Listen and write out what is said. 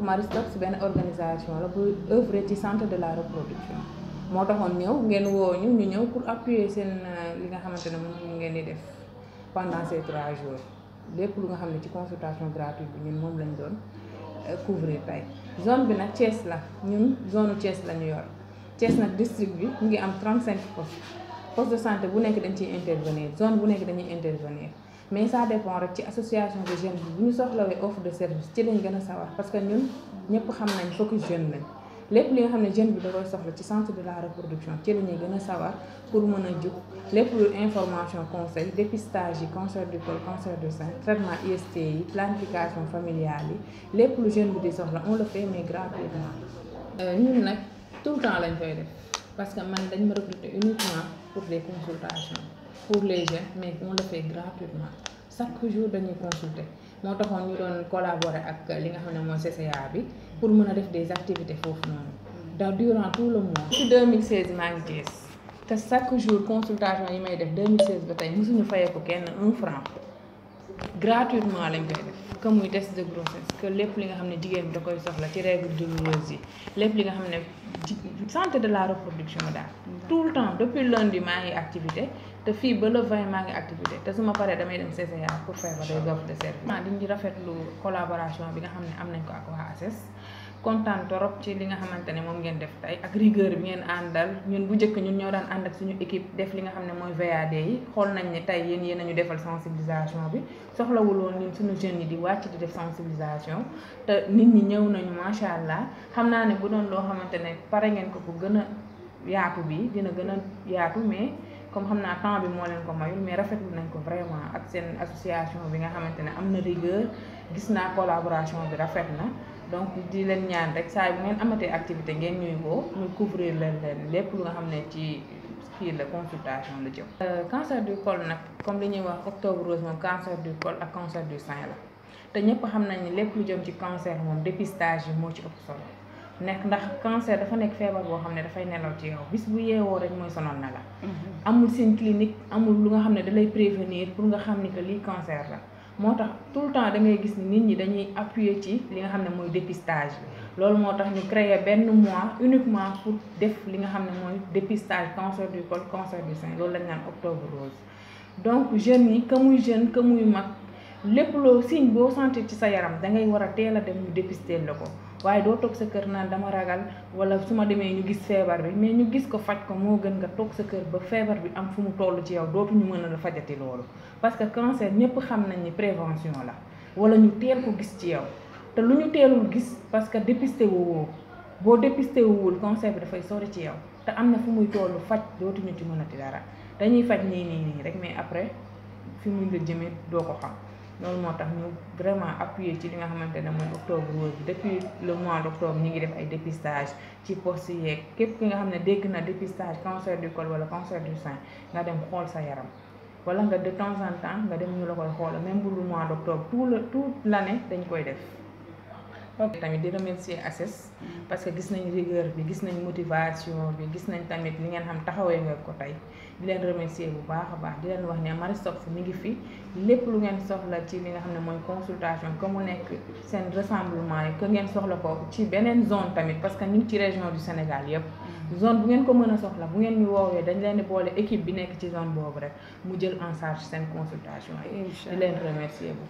donc Maristox benn organisation la bu œuvrer ci centre de la reproduction moo taxoon ñëw ngeen woo ñu ñu ñëw pour appuyer seen euh, li nga xamante ne mu ngeen di def pendant ces trois jours lépp lu nga xam ne ci consultation gratuite bi ñun moom lañ doon euh, couvrir tey zone bi nag Thiès la ñun zone Thiès la ñu yor Thiès nag district bi mu ngi am 35 postes poste de santé bu nekk dañ ciy intervenir zone bu nekk dañuy intervenir. mais ça dépend rek ci association de jeunes bi bu ñu soxlawee offre de service ci lañ gën a sawar parce que ñun ñëpp xam nañ focus jeune lañ lépp li nga xam ne jeune bi da koy soxla ci centre de la reproduction ci la gën a sawar pour mën a jug lépp lu information conseil dépistage yi cancer du col cancer du sein traitement IST yi planification familiale yi lépp lu jeune bi di soxla on le fait mais gratuitement euh, ñun nag tout le temps lañ koy def parce que man dañ ma recruter uniquement pour pour les jeunes mais on le fait gratuitement chaque jour dañuy consulter moo taxoon ñu doon collaborer ak li nga xam ne mooy CCA bi pour mun a def des activités foofu noonu dans durant tout le mois. ci 2016 maa ngi Thiès te chaque jour consultation yi may def 2016 ba tey mosuñu fayee ko kenn un franc gratuitement lañ koy def. que muy test de grossesse que lépp li nga xam ne jigéen bi da koy soxla ci règles douloureuses yi lépp li nga xam ne santé de la reproduction daal tout le temps depuis lendi maa ngi activité te fii ba le vingt maa ngi activité te su ma paree damay dem CCA pour feebar day offre de service. diñu rafetlu collaboration bi nga xam ne am nañ ko ak waa ACES e kontaan torop ci li nga xamante ne moom ngeen def tey ak rigueur bi ngeen àndal ñun bu njëkk ñun ñoo daan ànd ak suñu équipe def li nga xam ne mooy VAD yi xool nañ ne tey yéen yéen a ñu defal sensibilisation bi soxlawul woon suñu jeunes yi di wàcc di def sensibilisation te nit ñi ñëw nañu macha allah xam naa ne bu doon loo xamante ne pare ngeen ko bu gën a yaatu bi dina gën a yaatu mais. comme xam naa temps bi moo leen ko mayul mais rafetlu nañ ko vraiment ak seen association bi nga xamante ne am na rigueur gis naa collaboration bi rafet na donc di leen ñaan rek saa bu ngeen amatee activité ngeen ñuy woo ñu couvrir leen leen lépp lu nga xam ne ci kii la consultation la jëm. Euh, cancer du col nag comme li ñuy wax octobre rose moom cancer ak cancer du sein la te ñëpp xam nañ ni lépp lu jëm ci cancer moom dépistage yi moo ci ëpp solo nekk ndax cancer dafa nekk feebar boo xam ne dafay nelaw ci yow bis bu yeewoo rek mooy sonal na la. Mm-hmm. amul seen clinique amul lu nga xam ne da lay prévenir pour nga xam ni que lii cancer la. moo tax tout le temps da ngay gis ni nit ñi dañuy appuyer ci li nga xam ne mooy dépistage loolu moo tax ñu créer benn mois uniquement pour def li nga xam ne mooy dépistage cancer du col cancer du sein loolu lañ naan octobre rose donc jeunes yi que muy jeune que muy mag. lépp loo signe boo sentir ci sa yaram da ngay war a teel a dem ñu dépister la ko waaye doo toog sa kër naan dama ragal wala su ma demee ñu gis feebar bi mais ñu gis ko faj ko moo gën nga toog sa kër ba feebar bi am fu mu toll ci yow dootuñu mën a la loolu parce que cancer ñëpp xam nañ ni prévention la wala ñu teel ko gis ci yow te lu teelul gis parce que dépisté woowoo boo dépisté wowul cancer bi dafay sori ci yow te am na fu muy toll faj dootuñu ci mën mënati dara dañuy faj nii nii rek mais après fi muy la jëmee doo ko xam loolu moo tax ñu vraiment appuyé ci li nga xamante ne mooy octobre rose depuis le mois d' octobre ñu ngi def ay dépistage ci poste yeeg képp ki nga xam ne dégg na dépistage cancer du col wala cancer du sein nga dem xool sa yaram wala nga de temps en temps nga dem ñu la koy xoolal même bu le mois d' octobre tout le tout l' année dañ koy def tamit di remercier ACES mm. parce que gis nañ rigueur bi gis nañ motivation bi gis nañ tamit li ngeen xam taxawee nga ko tey di leen remercier bu baax a baax di leen wax ne Maristophes mi ngi fi lépp lu ngeen soxla ci li nga xam ne mooy consultation que mu nekk seen rassemblement yi que ngeen soxla ko ci beneen zone tamit parce que ñu ngi ci région du Sénégal yëpp zone bu ngeen ko mën a soxla bu ngeen ñu woowee dañ leen di boole équipe bi nekk ci zone boobu rek mu jël en charge seen consultation yi di leen remercier bu